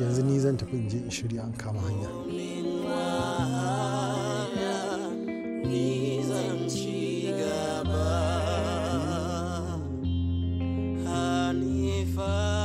yanzu ni zan tafi in je in shirya an kama hanya